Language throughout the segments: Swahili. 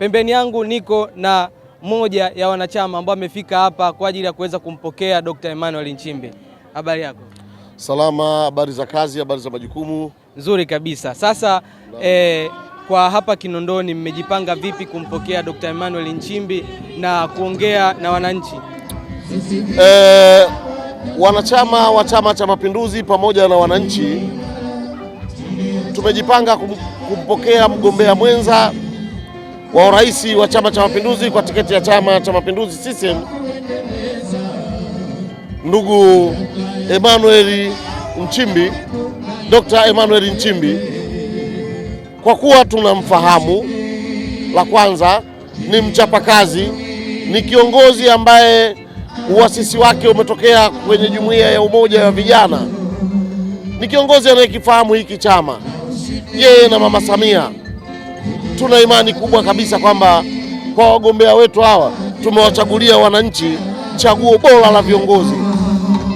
Pembeni yangu niko na moja ya wanachama ambao amefika hapa kwa ajili ya kuweza kumpokea Dr. Emmanuel Nchimbi. Habari yako? Salama. Habari za kazi? Habari za majukumu? Nzuri kabisa. Sasa eh, kwa hapa Kinondoni mmejipanga vipi kumpokea Dr. Emmanuel Nchimbi na kuongea na wananchi? Eh, wanachama wa Chama cha Mapinduzi pamoja na wananchi tumejipanga kumpokea mgombea mwenza wa urais wa Chama cha Mapinduzi kwa tiketi ya Chama cha Mapinduzi CCM ndugu Emmanuel Nchimbi, Dr. Emmanuel Nchimbi, kwa kuwa tunamfahamu, la kwanza ni mchapakazi, ni kiongozi ambaye uasisi wake umetokea kwenye jumuiya ya umoja wa vijana, ni kiongozi anayekifahamu hiki chama, yeye na mama Samia tuna imani kubwa kabisa kwamba kwa wagombea wetu hawa tumewachagulia wananchi chaguo bora la viongozi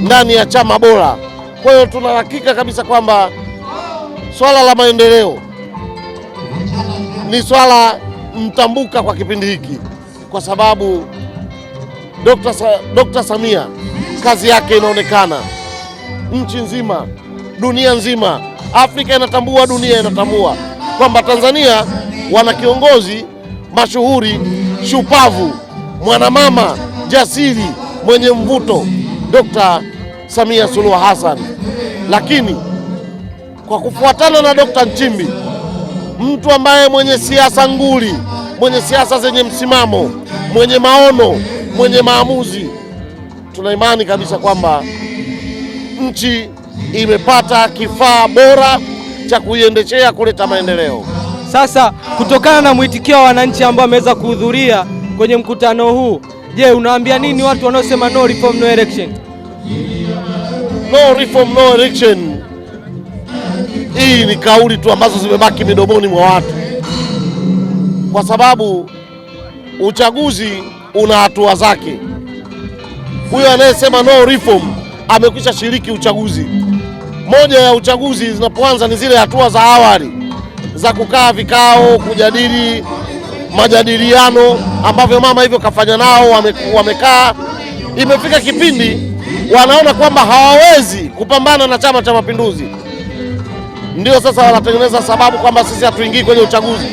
ndani ya chama bora. Kwa hiyo tuna hakika kabisa kwamba swala la maendeleo ni swala mtambuka kwa kipindi hiki, kwa sababu Dr. Sa, Dr. Samia kazi yake inaonekana nchi nzima, dunia nzima, Afrika inatambua, dunia inatambua kwamba Tanzania wana kiongozi mashuhuri, shupavu, mwanamama jasiri, mwenye mvuto, Dr. Samia Suluhu Hassan. Lakini kwa kufuatana na Dr. Nchimbi, mtu ambaye mwenye siasa nguli, mwenye siasa zenye msimamo, mwenye maono, mwenye maamuzi, tuna imani kabisa kwamba nchi imepata kifaa bora cha kuiendeshea kuleta maendeleo. Sasa kutokana na mwitikio wa wananchi ambao wameweza kuhudhuria kwenye mkutano huu, je, unawaambia nini watu wanaosema no reform no election? No reform no election, hii ni kauli tu ambazo zimebaki midomoni mwa watu, kwa sababu uchaguzi una hatua zake. Huyo anayesema no reform amekwisha shiriki uchaguzi. Moja ya uchaguzi zinapoanza ni zile hatua za awali za kukaa vikao, kujadili majadiliano ambavyo mama hivyo kafanya nao, wame, wamekaa. Imefika kipindi wanaona kwamba hawawezi kupambana na Chama cha Mapinduzi, ndio sasa wanatengeneza sababu kwamba sisi hatuingii kwenye uchaguzi.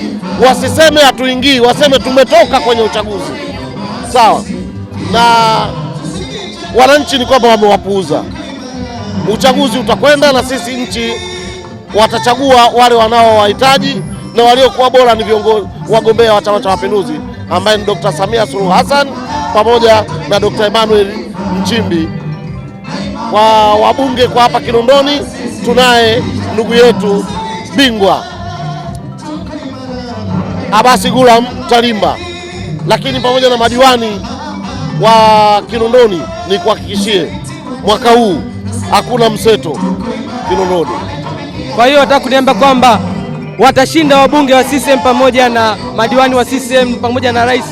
Wasiseme hatuingii, waseme tumetoka kwenye uchaguzi, sawa na wananchi ni kwamba wamewapuuza. Uchaguzi utakwenda na sisi nchi watachagua wale wanaowahitaji na waliokuwa bora ni viongozi wagombea wa Chama cha Mapinduzi ambaye ni Dr. Samia Suluhu Hassan pamoja na Dr. Emmanuel Nchimbi. Kwa wabunge kwa hapa Kinondoni tunaye ndugu yetu bingwa Abasi Gulam Talimba, lakini pamoja na madiwani wa Kinondoni, ni kuhakikishie mwaka huu hakuna mseto Kinondoni. Kwa hiyo nataka kuniambia kwamba watashinda wabunge wa CCM pamoja na madiwani wa CCM pamoja na rais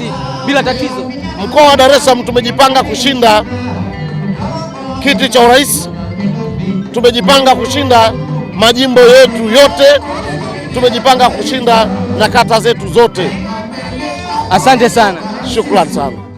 bila tatizo. Mkoa wa Dar es Salaam tumejipanga kushinda kiti cha urais, tumejipanga kushinda majimbo yetu yote, tumejipanga kushinda na kata zetu zote. Asante sana, shukrani sana.